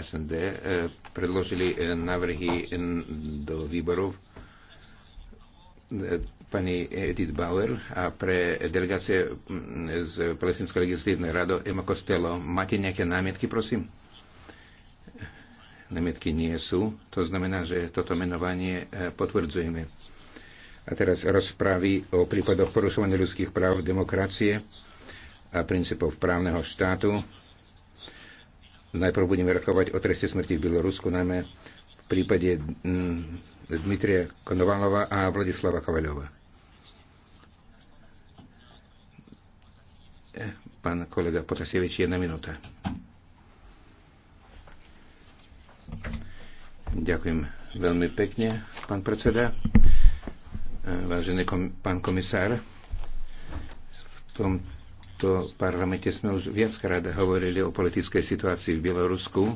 SND e, predložili e, návrhy do výborov e, pani Edith Bauer a pre delegácie z Palestinskej legislatívnej rado Emma Costello. Máte nejaké námietky, prosím? Námietky nie sú. To znamená, že toto menovanie potvrdzujeme. A teraz rozprávy o prípadoch porušovania ľudských práv, demokracie a princípov právneho štátu. Najprv budeme rokovať o treste smrti v Bielorusku, najmä v prípade mm, Dmitrie Konovalova a Vladislava Kovaľova. Pán kolega Potasievič, jedna minúta. Ďakujem veľmi pekne, pán predseda. Vážený kom, pán komisár, v tom tomto parlamente sme už viackrát hovorili o politickej situácii v Bielorusku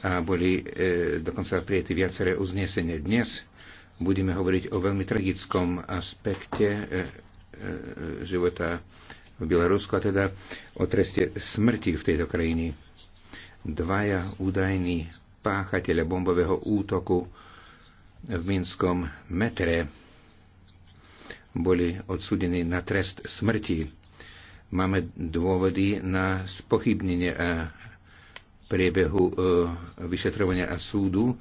a boli e, dokonca prijety viaceré uznesenia. Dnes budeme hovoriť o veľmi tragickom aspekte e, e, života v Bielorusku, a teda o treste smrti v tejto krajine. Dvaja údajní páchatele bombového útoku v Minskom metre boli odsudení na trest smrti máme dôvody na spochybnenie eh, priebehu eh, vyšetrovania a súdu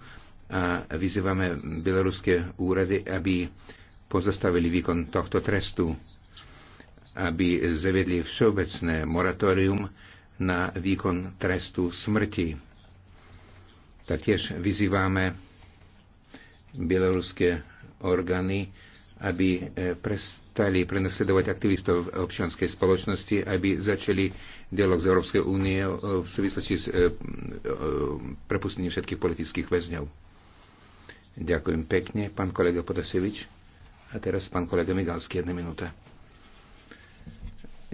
a vyzývame bieloruské úrady, aby pozastavili výkon tohto trestu, aby zavedli všeobecné moratórium na výkon trestu smrti. Taktiež vyzývame bieloruské orgány, aby e, prestali prenasledovať aktivistov občianskej spoločnosti, aby začali dialog z Európskej únie e, v súvislosti s e, prepustením všetkých politických väzňov. Ďakujem pekne, pán kolega Podasevič. A teraz pán kolega Migalský, jedna minúta.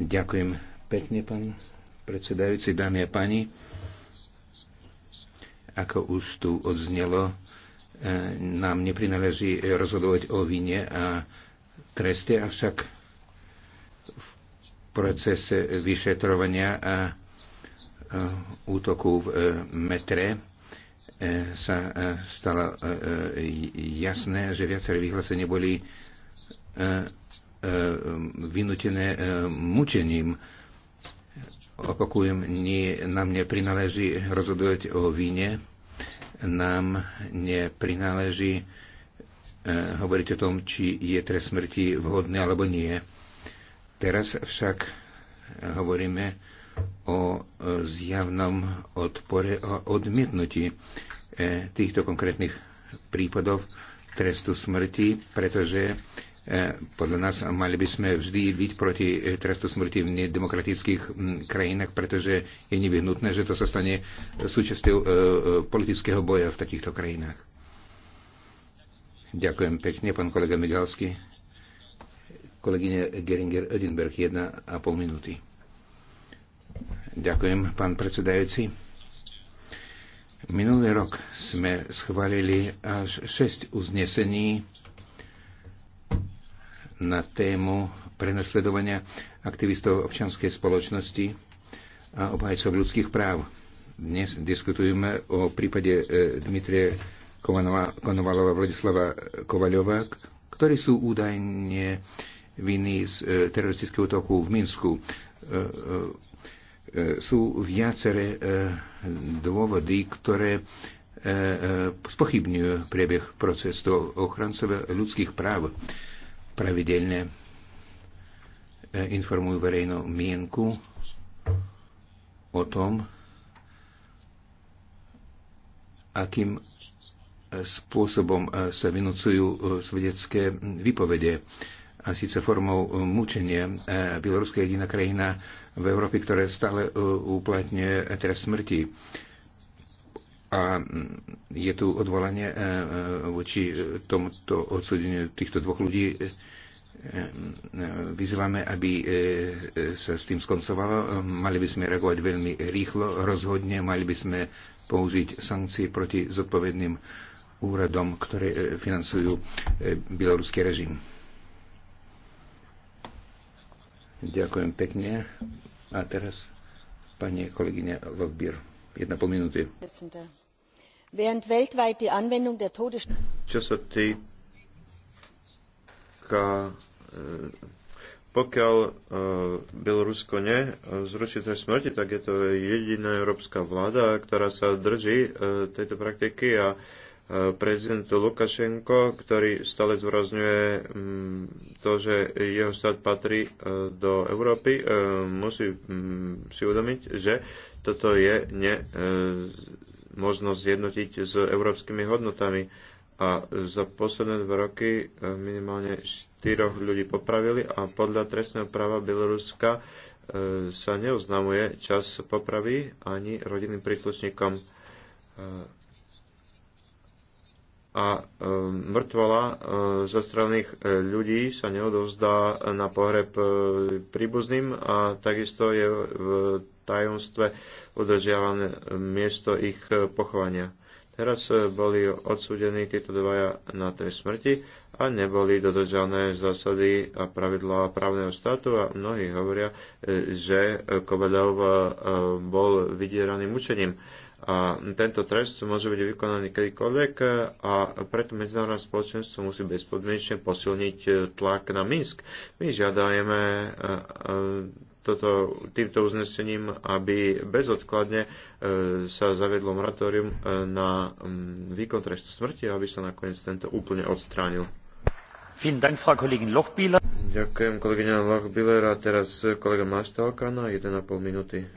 Ďakujem pekne, pán predsedajúci, dámy a páni. Ako už tu odznelo, E, nám neprináleží e, rozhodovať o vine a treste, avšak v procese vyšetrovania a e, útoku v metre sa stalo jasné, že viaceré vyhlásenie boli vynútené mučením. Opakujem, nie, nám neprináleží rozhodovať o vine nám neprináleží e, hovoriť o tom, či je trest smrti vhodný alebo nie. Teraz však hovoríme o e, zjavnom odpore a odmietnutí e, týchto konkrétnych prípadov trestu smrti, pretože E, podľa nás mali by sme vždy byť proti e, trestu smrti v nedemokratických krajinách, pretože je nevyhnutné, že to sa stane súčasťou e, politického boja v takýchto krajinách. Ďakujem pekne, pán kolega Migalsky. Kolegyne Geringer-Edinberg, jedna a pol minúty. Ďakujem, pán predsedajúci. Minulý rok sme schválili až 6 uznesení na tému prenasledovania aktivistov občianskej spoločnosti a obhajcov ľudských práv. Dnes diskutujeme o prípade e, Dmitrie Konovalova Vladislava Kovaľova, ktorí sú údajne viny z e, teroristického útoku v Minsku. E, sú viaceré dôvody, ktoré spochybňujú priebeh procesu ochrancov ľudských práv pravidelne e, informujú verejnú mienku o tom, akým spôsobom e, sa vynúcujú e, svedecké výpovede. A síce formou mučenia. Bieloruska je jediná krajina v Európe, ktorá stále uplatňuje trest smrti a mm, je tu odvolanie e, e, voči e, tomuto odsudeniu týchto dvoch ľudí. Vyzývame, aby sa s tým skoncovalo. Mali by sme reagovať veľmi rýchlo, rozhodne. Mali by sme použiť sankcie proti zodpovedným úradom, ktoré financujú bieloruský režim. Ďakujem pekne. A teraz pani kolegyňa Logbir. Jedna pol minúty. Während weltweit die Anwendung der Todesstrafe týka eh, pokiaľ eh, Bielorusko nezruší eh, trest smrti, tak je to jediná európska vláda, ktorá sa drží tejto praktiky a prezident Lukašenko, ktorý stále zvrazňuje mm, to, že jeho štát patrí do Európy, musí mm, si uvedomiť, že toto je ne, možno zjednotiť s európskymi hodnotami. A za posledné dva roky e, minimálne štyroch ľudí popravili a podľa trestného práva Bieloruska e, sa neoznamuje čas popravy ani rodinným príslušníkom. E, a mŕtvola zostrelných ľudí sa neodovzdá na pohreb príbuzným a takisto je v tajomstve udržiavané e, miesto ich e, pochovania. Teraz e, boli odsúdení títo dvaja na trest smrti a neboli dodržané zásady a pravidlá právneho štátu a mnohí hovoria, že Kovaľov bol vydieraný mučením. A tento trest môže byť vykonaný kedykoľvek a preto medzinárodné spoločenstvo musí bezpodmienečne posilniť tlak na Minsk. My žiadajeme toto, týmto uznesením, aby bezodkladne e, sa zavedlo moratórium e, na výkon trestu smrti, a aby sa nakoniec tento úplne odstránil. Ďakujem kolegyňa Lochbiller a teraz kolega Maštalka na 1,5 minúty.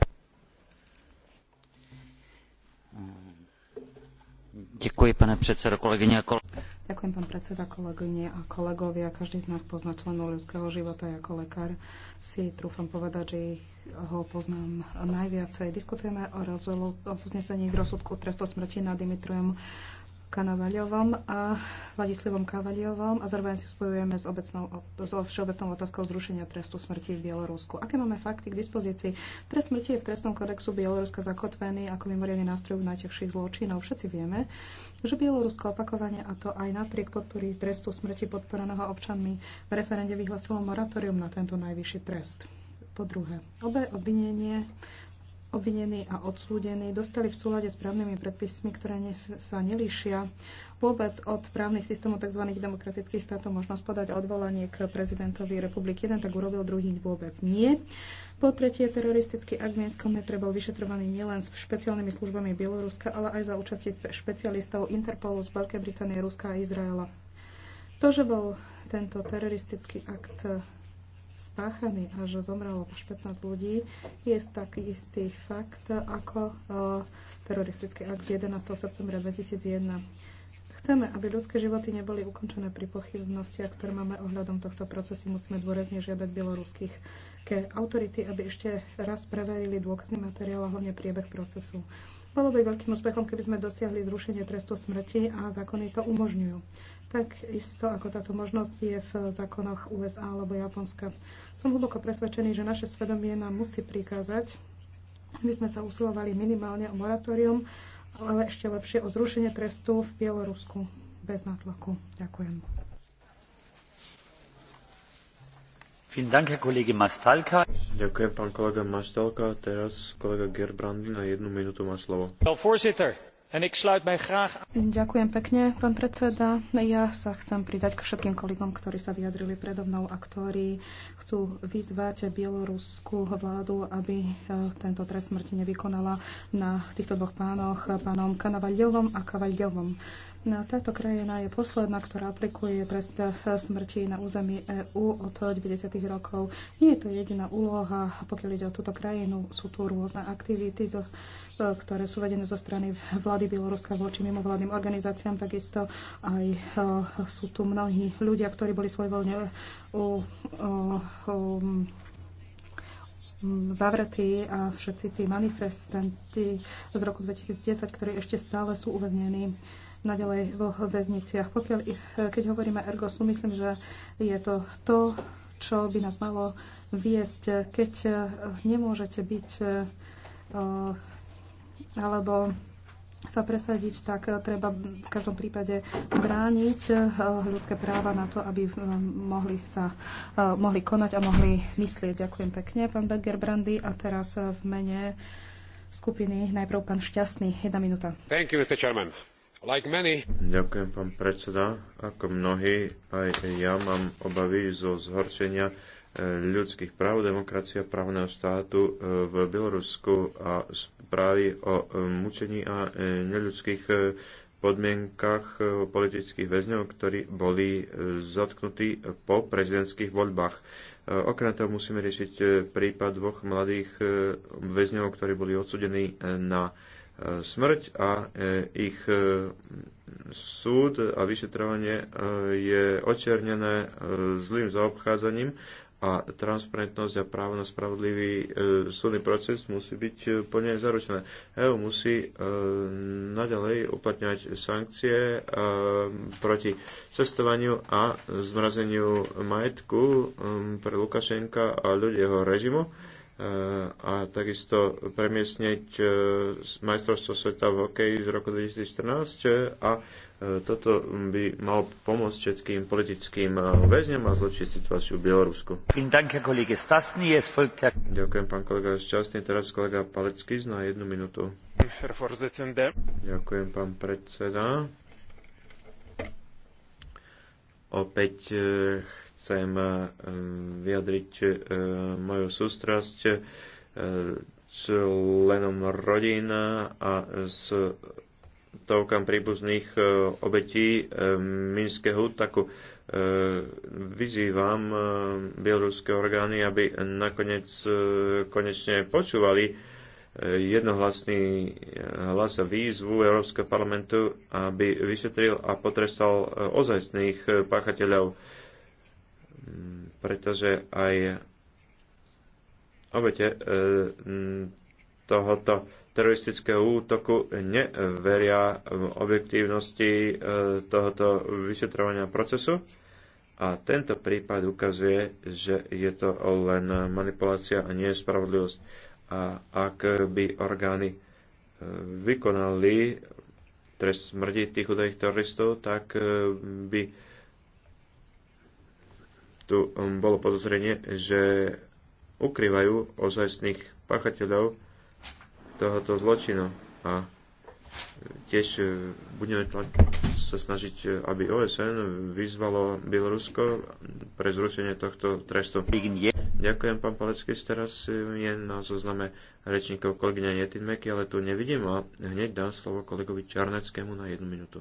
Ďakujem, pane predsedo, kolegyňa a kolegy Ďakujem, pán predseda, kolegyne a kolegovia. Každý z nás pozná členov ľudského života. ako lekár si trúfam povedať, že ich ho poznám najviacej. Diskutujeme o, rozhodnutí o rozhodnesení v rozsudku trestu smrti nad dimitrujem. Kanavaliovom a Vladislavom Kavaliovom a zároveň si spojujeme s, obecnou, s všeobecnou otázkou zrušenia trestu smrti v Bielorusku. Aké máme fakty k dispozícii? Trest smrti je v trestnom kodexu Bieloruska zakotvený ako mimoriadne nástroj v najťažších zločinov. Všetci vieme, že Bielorusko opakovane a to aj napriek podpory trestu smrti podporeného občanmi v referende vyhlasilo moratórium na tento najvyšší trest. Po druhé, obe obvinenie obvinení a odsúdení dostali v súlade s právnymi predpismi, ktoré ne, sa nelíšia vôbec od právnych systémov tzv. demokratických štátov možnosť podať odvolanie k prezidentovi republiky. Jeden tak urobil, druhý vôbec nie. Po tretie, teroristický akt v Mienskom metre bol vyšetrovaný nielen s špeciálnymi službami Bieloruska, ale aj za účasti špecialistov Interpolu z Veľkej Británie, Ruska a Izraela. To, že bol tento teroristický akt spáchaný a že zomrelo až 15 ľudí, je taký istý fakt ako e, teroristický akt z 11. septembra 2001. Chceme, aby ľudské životy neboli ukončené pri pochybnostiach, ktoré máme ohľadom tohto procesu. Musíme dôrazne žiadať bieloruských ke autority, aby ešte raz preverili dôkazný materiál a hlavne priebeh procesu. Bolo by veľkým úspechom, keby sme dosiahli zrušenie trestu smrti a zákony to umožňujú tak isto ako táto možnosť je v zákonoch USA alebo Japonska. Som hlboko presvedčený, že naše svedomie nám musí prikázať, my sme sa usilovali minimálne o moratórium, ale ešte lepšie o zrušenie trestu v Bielorusku bez nátlaku. Ďakujem. Ďakujem, pán kolega Mastalka. Teraz kolega Gerbrandy na jednu minútu má slovo. Ďakujem pekne, pán predseda. Ja sa chcem pridať k všetkým kolegom, ktorí sa vyjadrili predo mnou a ktorí chcú vyzvať bieloruskú vládu, aby e, tento trest smrti nevykonala na týchto dvoch pánoch, pánom Kanavalilovom a Kavalievom. No, táto krajina je posledná, ktorá aplikuje trest smrti na území EÚ od 90. rokov. Nie je to jediná úloha, pokiaľ ide o túto krajinu. Sú tu rôzne aktivity, ktoré sú vedené zo strany vlády Bieloruska voči mimovládnym organizáciám. Takisto aj eh, sú tu mnohí ľudia, ktorí boli svojvoľne eh, eh, um, mm, zavretí a všetci tí manifestanti z roku 2010, ktorí ešte stále sú uväznení naďalej vo väzniciach. Pokiaľ, keď hovoríme ergosu, myslím, že je to to, čo by nás malo viesť, keď eh, nemôžete byť eh, alebo sa presadiť, tak eh, treba v každom prípade brániť ľudské práva na to, aby mohli, sa, mohli konať a mohli myslieť. Ďakujem pekne, pán Becker Brandy. A teraz v mene skupiny najprv pán Šťastný. Jedna minúta. Thank you, Mr. Chairman. Ďakujem, pán predseda. Ako mnohí, aj ja mám obavy zo zhoršenia e, ľudských práv, demokracia, právneho štátu e, v Bielorusku a správy o e, mučení a neľudských podmienkach politických väzňov, ktorí boli zatknutí po prezidentských voľbách. Okrem toho musíme riešiť prípad dvoch mladých väzňov, ktorí boli odsudení na smrť a e, ich e, súd a vyšetrovanie e, je očernené zlým zaobchádzaním a transparentnosť a právo na spravodlivý súdny proces musí byť plne zaručené. EU musí naďalej uplatňovať sankcie proti cestovaniu a zmrazeniu majetku pre Lukašenka a ľudí jeho režimu a takisto premiesniť e, majstrovstvo sveta v hokeji z roku 2014 e, a e, toto by malo pomôcť všetkým politickým väzňom a zločiť situáciu v Bielorusku. Ďakujem, pán kolega Šťastný. Teraz kolega Palecký na jednu minútu. Ďakujem, pán predseda. Opäť chcem eh, vyjadriť eh, moju sústrasť eh, členom rodín a s toľkám príbuzných obetí Minského útaku. Vyzývam bieloruské orgány, aby nakoniec konečne počúvali jednohlasný hlas a výzvu Európskeho parlamentu, aby vyšetril a potrestal ozajstných páchateľov pretože aj obete e, tohoto teroristického útoku neveria v objektívnosti e, tohoto vyšetrovania procesu. A tento prípad ukazuje, že je to len manipulácia a nie spravodlivosť. A ak by orgány e, vykonali trest smrti tých údajných teroristov, tak by tu um, bolo podozrenie, že ukrývajú ozajstných pachateľov tohoto zločinu. A tiež e, budeme sa snažiť, e, aby OSN vyzvalo Bielorusko pre zrušenie tohto trestu. Ďakujem, pán Palecký. Teraz e, je na zozname rečníkov kolegyňa Jetin ale tu nevidím a hneď dám slovo kolegovi Čarneckému na jednu minútu.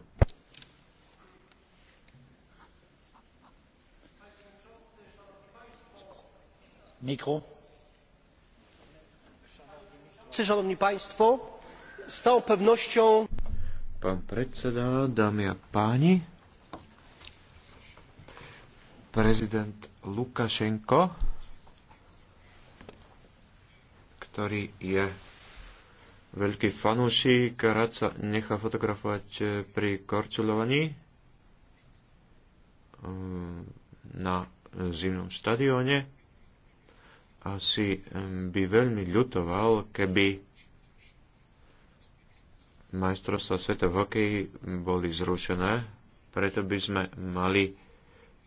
z całą pewnością Pán predseda, dámy a páni, prezident Lukašenko, ktorý je veľký fanúšik, rád sa nechá fotografovať eh, pri eh, na zimnom štadióne asi by veľmi ľutoval, keby majstrovstva sveta v hokeji boli zrušené, preto by sme mali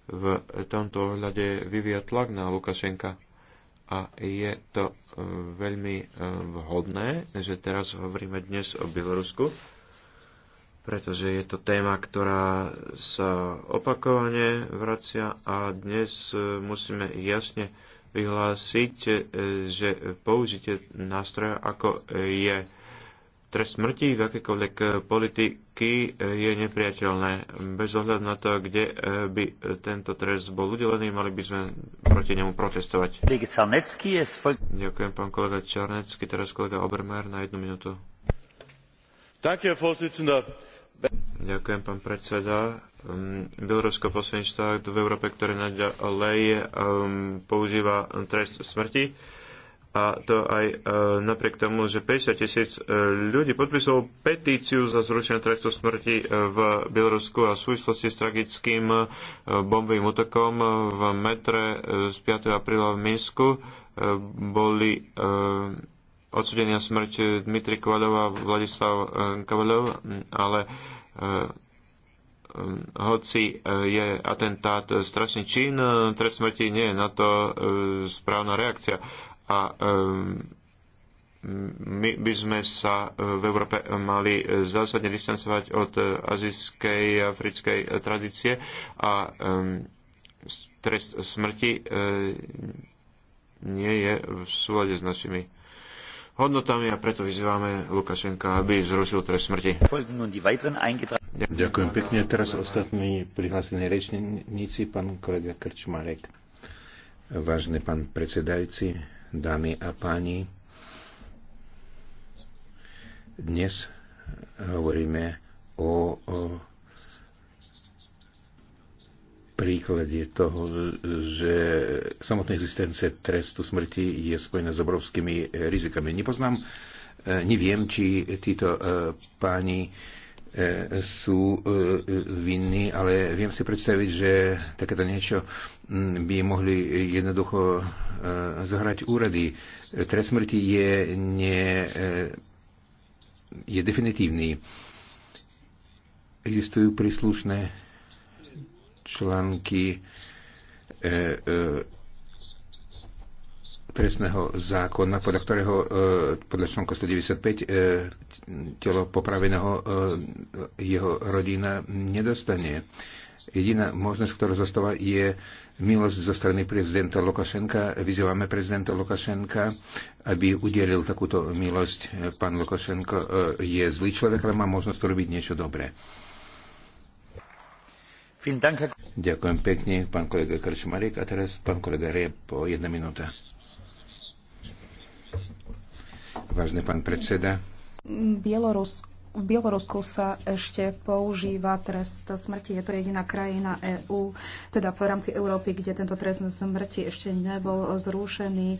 v tomto ohľade vyvíjať tlak na Lukašenka. A je to veľmi vhodné, že teraz hovoríme dnes o Bielorusku, pretože je to téma, ktorá sa opakovane vracia a dnes musíme jasne vyhlásiť, e, že použitie nástroja ako je trest smrti v akékoľvek politiky e, je nepriateľné. Bez ohľadu na to, kde e, by tento trest bol udelený, mali by sme proti nemu protestovať. Ďakujem, pán kolega Čarnecký. Teraz kolega Obermer na jednu minútu. Danke, Herr Vorsitzender. Ďakujem, pán predseda. Um, Bielorusko posledný v Európe, ktoré naďalej um, používa trest smrti. A to aj uh, napriek tomu, že 50 tisíc uh, ľudí podpisovalo petíciu za zrušenie trestu smrti uh, v Bielorusku a v súvislosti s tragickým uh, bombovým útokom uh, v metre z 5. apríla v Minsku boli odsudenia smrť Dmitri Kovalov a Vladislav e, Kovalov, ale e, e, hoci je atentát strašný čin, trest smrti nie je na to správna reakcia. A my by sme sa v Európe mali zásadne distancovať od azijskej, a africkej tradície a trest smrti nie je v súlade s našimi hodnotami a preto vyzývame Lukašenka, aby zrušil trest smrti. Ďakujem pekne. Teraz ostatní prihlásení rečníci, pán kolega Krčmarek. Vážny pán predsedajúci, dámy a páni, dnes hovoríme o, o Príklad je toho, že samotná existencia trestu smrti je spojená s obrovskými rizikami. Nepoznám, eh, neviem, či títo eh, páni eh, sú vinní, ale viem si predstaviť, že takéto niečo mm, by mohli jednoducho zohrať úrady. Trest smrti je, nie, je definitívny. Existujú príslušné články e, e, trestného zákona, podľa ktorého e, podľa článku 195 e, telo popraveného e, jeho rodina nedostane. Jediná možnosť, ktorá zostáva, je milosť zo strany prezidenta Lukašenka. Vyzývame prezidenta Lukašenka, aby udelil takúto milosť. Pán Lukašenko e, je zlý človek, ale má možnosť robiť niečo dobré. Ďakujem pekne, pán kolega Krčmarik. A teraz pán kolega po jedna minúta. Vážne pán predseda. Bielorusko v Bielorusku sa ešte používa trest smrti. Je to jediná krajina EÚ, teda v rámci Európy, kde tento trest smrti ešte nebol zrušený. E,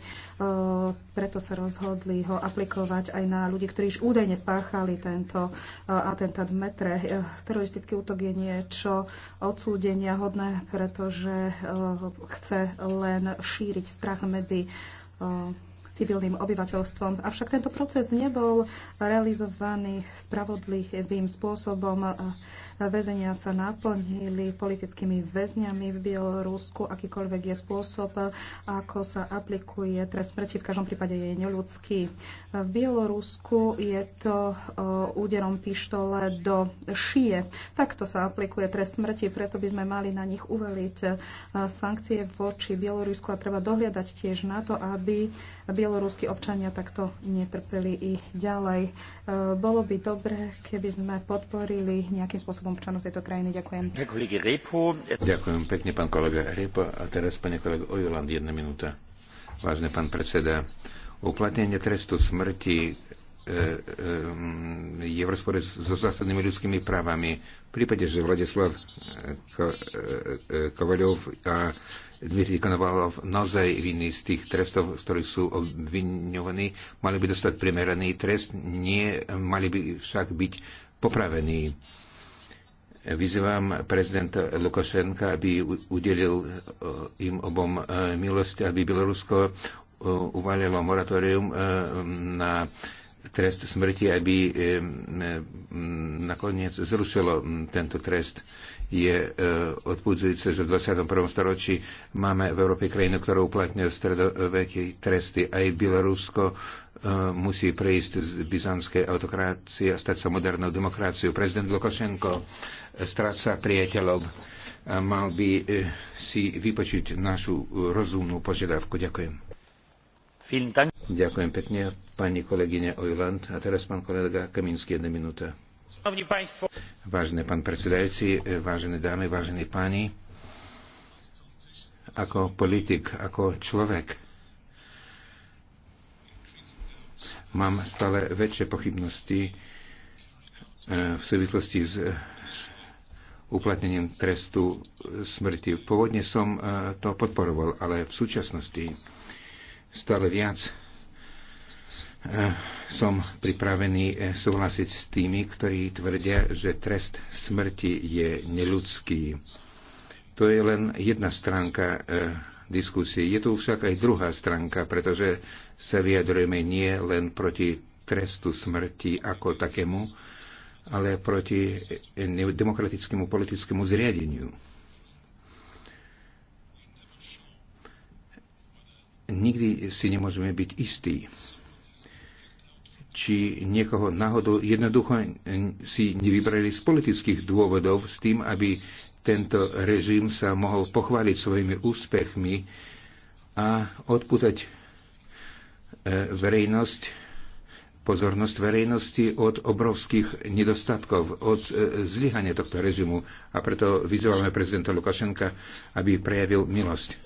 preto sa rozhodli ho aplikovať aj na ľudí, ktorí už údajne spáchali tento e, atentát v metre. E, teroristický útok je niečo odsúdenia hodné, pretože chce len šíriť strach medzi civilným obyvateľstvom. Avšak tento proces nebol realizovaný spravodlivým spôsobom. Väzenia sa naplnili politickými väzňami v Bielorusku. Akýkoľvek je spôsob, ako sa aplikuje trest smrti, v každom prípade je neľudský. V Bielorusku je to úderom pištole do šie. Takto sa aplikuje trest smrti, preto by sme mali na nich uveliť sankcie voči Bielorusku a treba dohliadať tiež na to, aby Bielorusku bieloruskí občania takto netrpeli i ďalej. E, bolo by dobre, keby sme podporili nejakým spôsobom občanov tejto krajiny. Ďakujem. Ďakujem pekne, pán kolega Repo. A teraz, pani kolega Ojoland, jedna minúta. Vážne pán predseda, uplatnenie trestu smrti E, e, je v rozpore so zásadnými ľudskými právami. V prípade, že Vladislav e, Kovaľov a Dmitri Konovalov naozaj vinní z tých trestov, z ktorých sú obviňovaní, mali by dostať primeraný trest, nie mali by však byť popravení. Vyzývam prezidenta Lukašenka, aby udelil im obom milosť, aby Bielorusko uvalilo moratórium na trest smrti, aby nakoniec zrušilo tento trest. Je eh, odpudzujúce, že v 21. storočí máme v Európe krajinu, ktorá uplatňuje stredoveké tresty. Aj Bielorusko eh, musí prejsť z byzantskej autokracie a stať sa modernou demokraciou. Prezident Lukašenko stráca priateľov. Mal by eh, si vypočuť našu rozumnú požiadavku. Ďakujem. Ďakujem pekne, pani kolegyne Ojland. A teraz pán kolega Kaminský, jedna minúta. Vážený pán predsedajúci, vážené dámy, vážení páni, ako politik, ako človek, mám stále väčšie pochybnosti e, v súvislosti s e, uplatnením trestu smrti. Pôvodne som e, to podporoval, ale v súčasnosti stále viac Eh, som pripravený eh, súhlasiť s tými, ktorí tvrdia, že trest smrti je neludský. To je len jedna stránka eh, diskusie. Je tu však aj druhá stránka, pretože sa vyjadrujeme nie len proti trestu smrti ako takému, ale proti demokratickému politickému zriadeniu. Nikdy si nemôžeme byť istí, či niekoho náhodou jednoducho si nevybrali z politických dôvodov s tým, aby tento režim sa mohol pochváliť svojimi úspechmi a odputať e, verejnosť, pozornosť verejnosti od obrovských nedostatkov, od e, zlyhania tohto režimu. A preto vyzývame prezidenta Lukašenka, aby prejavil milosť.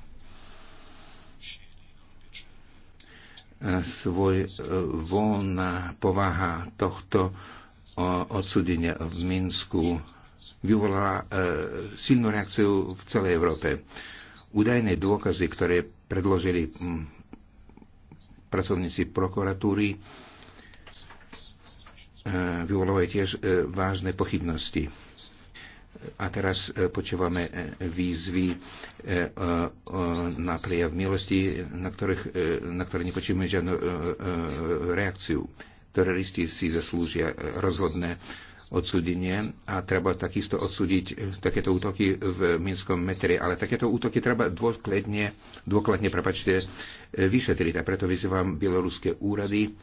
svoj e, voľná povaha tohto e, odsudenia v Minsku vyvolala e, silnú reakciu v celej Európe. Údajné dôkazy, ktoré predložili pracovníci prokuratúry, vyvolávajú tiež vážne pochybnosti. A teraz e, počúvame e, výzvy e, na prejav milosti, na, ktorých, na ktoré nepočujeme žiadnu reakciu. Teroristi si zaslúžia rozhodné odsudenie a treba takisto odsúdiť takéto útoky v Minskom metre. Ale takéto útoky treba dôkladne, dôkladne prepačte, vyšetriť. A preto vyzývam bieloruské úrady,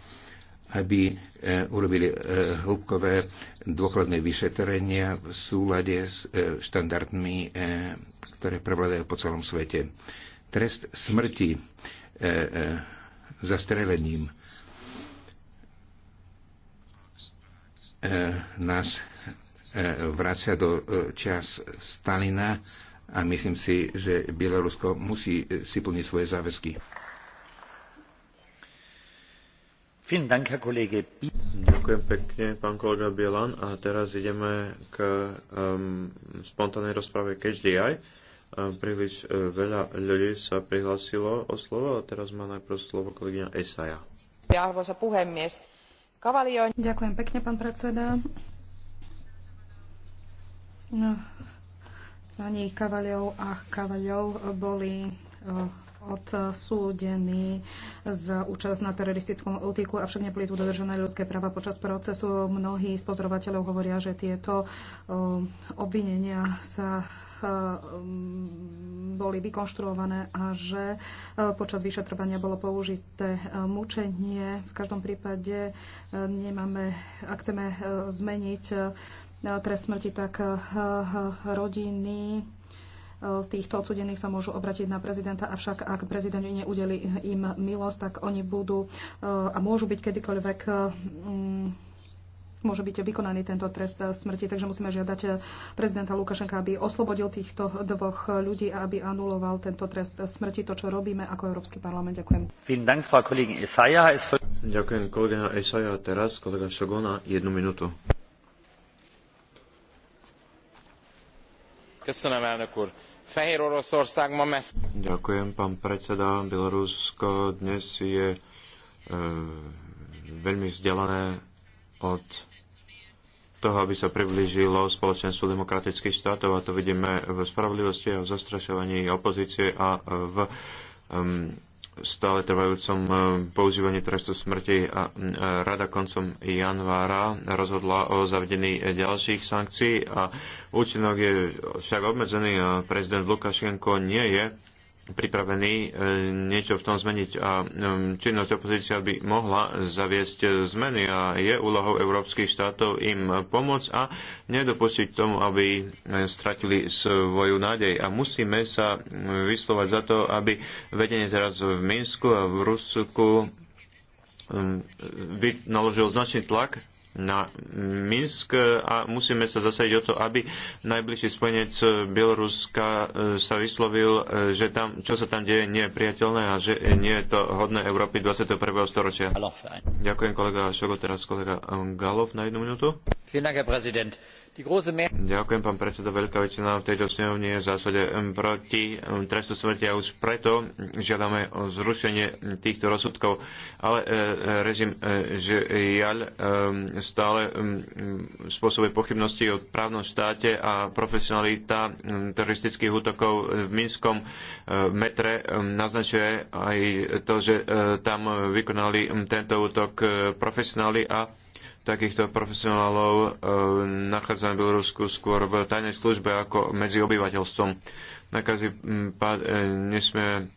aby e, urobili e, hĺbkové dôkladné vyšetrenia v súlade s e, štandardmi, ktoré prevládajú po celom svete. Trest smrti zastrelením nás vracia do čas Stalina a myslím si, že Bielorusko musí si plniť svoje záväzky. Ďakujem pekne, pán kolega Bielan. A teraz ideme k um, spontánnej rozprave KHDI. Um, príliš uh, veľa ľudí sa prihlásilo o slovo a teraz má najprv slovo kolegyňa Esaja. Ďakujem pekne, pán predseda. No, pani Kavaliov a Kavaliov boli uh, odsúdení za účasť na teroristickom útiku, avšak neboli tu dodržené ľudské práva počas procesu. Mnohí z pozorovateľov hovoria, že tieto um, obvinenia sa um, boli vykonštruované a že uh, počas vyšetrovania bolo použité uh, mučenie. V každom prípade uh, nemáme, ak chceme zmeniť trest smrti, tak rodiny týchto odsudených sa môžu obratiť na prezidenta, avšak ak prezident neudeli im milosť, tak oni budú eh, a môžu byť kedykoľvek eh, mm, môže byť vykonaný tento trest smrti. Takže musíme žiadať prezidenta Lukašenka, aby oslobodil týchto dvoch ľudí a aby anuloval tento trest smrti, to, čo robíme ako Európsky parlament. Ďakujem. Ďakujem, kolegyňa Esaja. Teraz kolega Šogona, jednu minútu. pán predseda. Bielorusko dnes je e, veľmi vzdialené od toho, aby sa priblížilo spoločenstvu demokratických štátov a to vidíme v spravodlivosti a v zastrašovaní opozície a v um, stále trvajúcom e, používaní trestu smrti a e, rada koncom januára rozhodla o zavedení ďalších sankcií a účinok je však obmedzený a prezident Lukašenko nie je pripravení e, niečo v tom zmeniť a e, činnosť opozícia by mohla zaviesť e, zmeny a je úlohou európskych štátov im pomôcť a nedopustiť tomu, aby stratili svoju nádej. A musíme sa vyslovať za to, aby vedenie teraz v Minsku a v Rusku naložil značný tlak na Minsk a musíme sa zasadiť o to, aby najbližší spojenec Bieloruska e, sa vyslovil, e, že tam, čo sa tam deje, nie je priateľné a že nie je to hodné Európy 21. storočia. Ďakujem kolega Šogo, teraz kolega Galov na jednu minútu. Ďakujem, pán predseda. Veľká väčšina v tejto snehovni je v zásade proti trestu smrti a už preto žiadame o zrušenie týchto rozsudkov. Ale e, e, režim e, že jaľ stále spôsobuje pochybnosti o právnom štáte a profesionalita teroristických útokov v Minskom metre naznačuje aj to, že tam vykonali tento útok profesionáli a takýchto profesionálov e, nachádzame v Bielorusku skôr v tajnej službe ako medzi obyvateľstvom. Na každý pád e, nesmie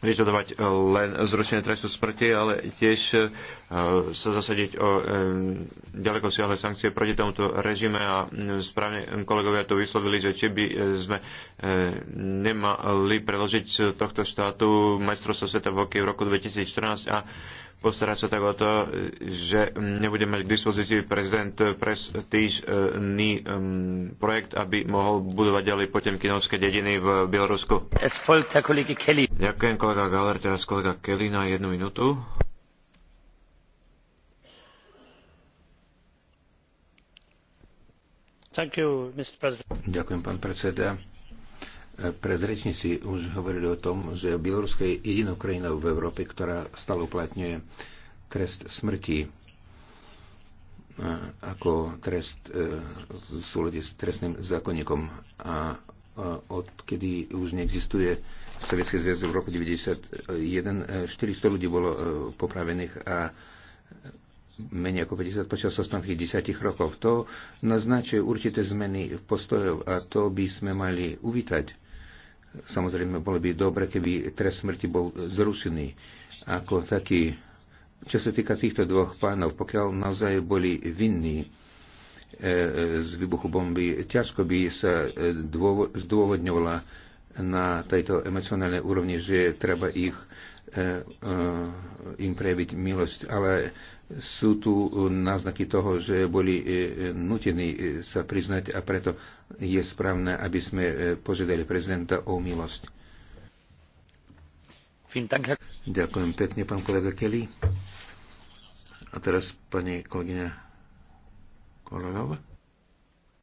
vyžadovať e, len zrušenie trestu smrti, ale tiež sa zasadiť o ďaleko siahle sankcie proti tomuto režime a správne kolegovia to vyslovili, že či by sme nemali preložiť tohto štátu majstrovstvo sveta v hokeji v roku 2014 a postarať sa tak o to, že nebude mať k dispozícii prezident prestížný um, projekt, aby mohol budovať ďalej potem kinovské dediny v Bielorusku. Ďakujem kolega Galer, teraz kolega Kelly na jednu minútu. You, Ďakujem, pán predseda Predrečníci už hovorili o tom, že Bielorusko je jedinou krajinou v Európe, ktorá stále uplatňuje trest smrti ako trest e, v súlade s trestným zákonníkom. A odkedy už neexistuje Sovjetský zväz v roku 1991, 400 e, ľudí bolo e, popravených a menej ako 50 počas ostatných 10 rokov. To naznačuje určité zmeny postojov a to by sme mali uvítať. Samozrejme, bolo by dobre, keby trest smrti bol zrušený ako taký. Čo sa týka týchto dvoch pánov, pokiaľ naozaj boli vinní e, z výbuchu bomby, ťažko by sa e, dôvo, zdôvodňovala na tejto emocionálnej úrovni, že treba ich e, e, im prejaviť milosť, ale sú tu e, náznaky toho, že boli e, e, nutení sa priznať a preto je správne, aby sme požiadali prezidenta o milosť. Ďakujem pekne, pán kolega Kelly. A teraz pani kolegyňa Korolova.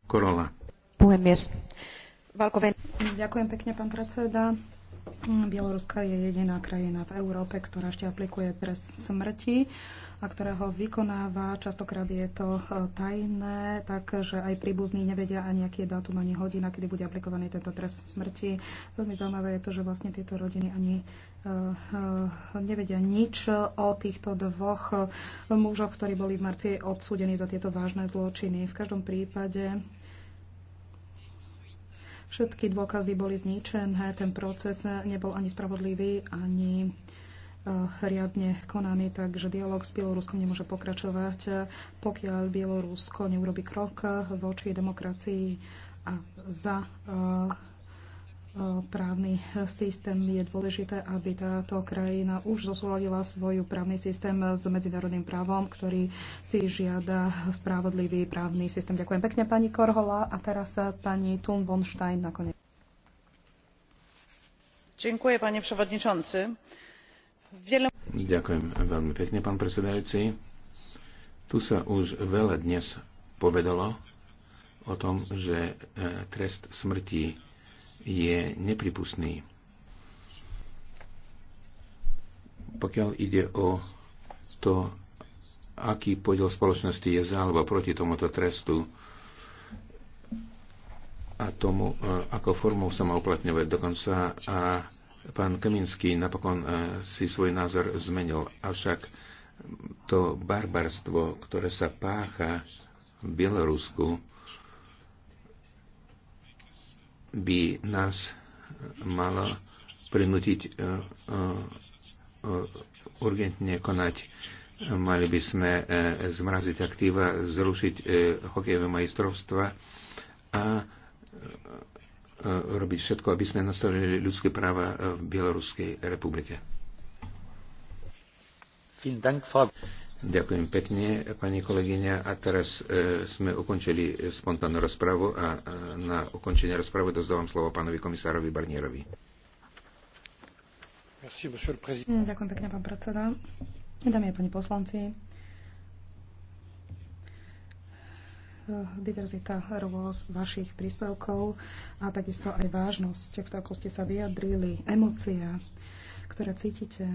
Korola. Ďakujem pekne, pán predseda. Bieloruska je jediná krajina v Európe, ktorá ešte aplikuje trest smrti. Uh, a ktorého vykonáva. Častokrát je to e, tajné, takže aj príbuzní nevedia ani aký je dátum, ani hodina, kedy bude aplikovaný tento trest smrti. Veľmi zaujímavé je to, že vlastne tieto rodiny ani e, e, nevedia nič o týchto dvoch mužoch, ktorí boli v marci odsúdení za tieto vážne zločiny. V každom prípade všetky dôkazy boli zničené, ten proces nebol ani spravodlivý, ani riadne konaný, takže dialog s Bieloruskom nemôže pokračovať, pokiaľ Bielorusko neurobi krok voči demokracii a za e, e, právny systém je dôležité, aby táto krajina už zosúladila svoj právny systém s medzinárodným právom, ktorý si žiada spravodlivý právny systém. Ďakujem pekne pani Korhola a teraz e, pani Thun von Stein nakoniec. Dziękuję panie przewodniczący. Ďakujem veľmi pekne, pán predsedajúci. Tu sa už veľa dnes povedalo o tom, že e, trest smrti je nepripustný. Pokiaľ ide o to, aký podiel spoločnosti je za alebo proti tomuto trestu a tomu, e, ako formou sa má uplatňovať dokonca a Pán Kaminský napokon e, si svoj názor zmenil, avšak to barbarstvo, ktoré sa pácha v Bielorusku, by nás malo prinútiť e, e, urgentne konať. Mali by sme zmraziť aktíva, zrušiť hokejové majstrovstva a E, robiť všetko, aby sme nastavili ľudské práva e, v Bieloruskej republike. Ďakujem pekne, pani kolegyňa. A teraz e, sme ukončili spontánnu rozpravu a e, na ukončenie rozpravy dozdávam slovo pánovi komisárovi Barnierovi. Ďakujem pekne, pán predseda. Dámy a pani poslanci, diverzita rôz vašich príspevkov a takisto aj vážnosť, v ako ste sa vyjadrili, emócia, ktoré cítite,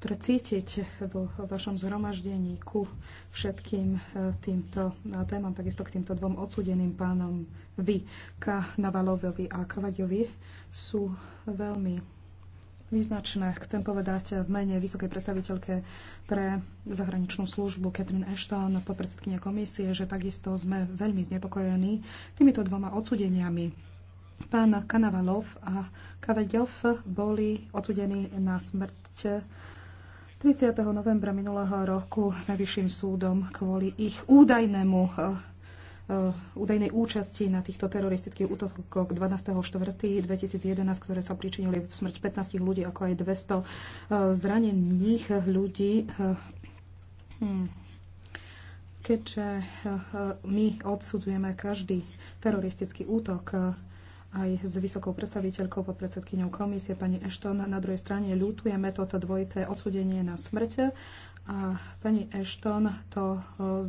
ktoré cítite vo vašom zhromaždení ku všetkým eh, týmto eh, témam, takisto k týmto dvom odsudeným pánom vy, K. Navalovovi a Kavaďovi, sú veľmi význačné. Chcem povedať v mene vysokej predstaviteľke pre zahraničnú službu Catherine Ashton, podpredsedkynia komisie, že takisto sme veľmi znepokojení týmito dvoma odsudeniami. Pán Kanavalov a Kavedelov boli odsudení na smrť 30. novembra minulého roku najvyšším súdom kvôli ich údajnému Eh, údajnej účasti na týchto teroristických útokoch 12.4.2011, ktoré sa pričinili v smrť 15 ľudí, ako aj 200 eh, zranených ľudí. Eh, hm. Keďže my odsudzujeme každý teroristický útok, aj s vysokou predstaviteľkou predsedkyňou komisie pani Ashton. Na druhej strane ľutujeme toto dvojité odsudenie na smrť a pani Ashton to e,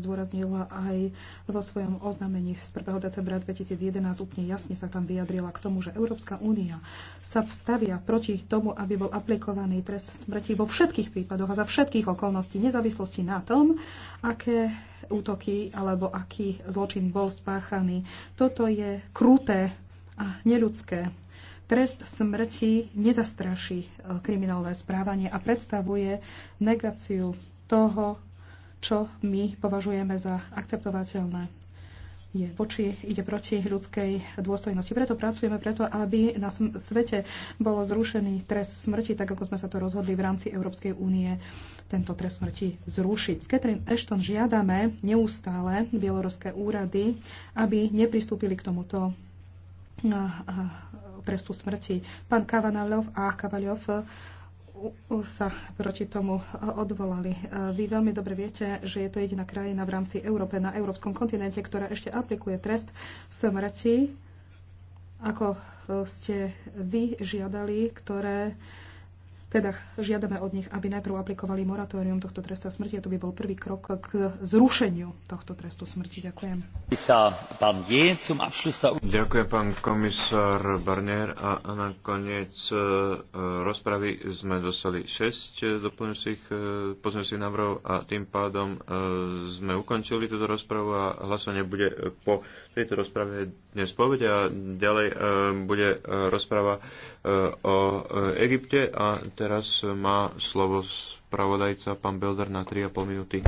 zdôraznila aj vo svojom oznámení z 1. decembra 2011. Úplne jasne sa tam vyjadrila k tomu, že Európska únia sa stavia proti tomu, aby bol aplikovaný trest smrti vo všetkých prípadoch a za všetkých okolností, nezávislosti na tom, aké útoky alebo aký zločin bol spáchaný. Toto je kruté a neľudské. Trest smrti nezastraší e, kriminálne správanie a predstavuje negáciu toho, čo my považujeme za akceptovateľné. Je voči, ide proti ľudskej dôstojnosti. Preto pracujeme preto, aby na svete bolo zrušený trest smrti, tak ako sme sa to rozhodli v rámci Európskej únie tento trest smrti zrušiť. S Catherine Ashton žiadame neustále bieloruské úrady, aby nepristúpili k tomuto trestu smrti. Pán Kavanalov a Kavaliov sa proti tomu odvolali. Vy veľmi dobre viete, že je to jediná krajina v rámci Európe na európskom kontinente, ktorá ešte aplikuje trest smrti, ako e, ste vy žiadali, ktoré teda žiadame od nich, aby najprv aplikovali moratórium tohto tresta smrti a to by bol prvý krok k zrušeniu tohto trestu smrti. Ďakujem. Ďakujem pán komisár Barnier a na koniec e, rozpravy sme dostali 6 e, doplňujúcich e, pozmeňujúcich návrhov a tým pádom sme ukončili túto rozpravu a hlasovanie bude po tejto rozprave dnes povede a ďalej e, bude e, rozprava e, o Egypte a teraz má slovo spravodajca pán Belder na 3,5 minúty.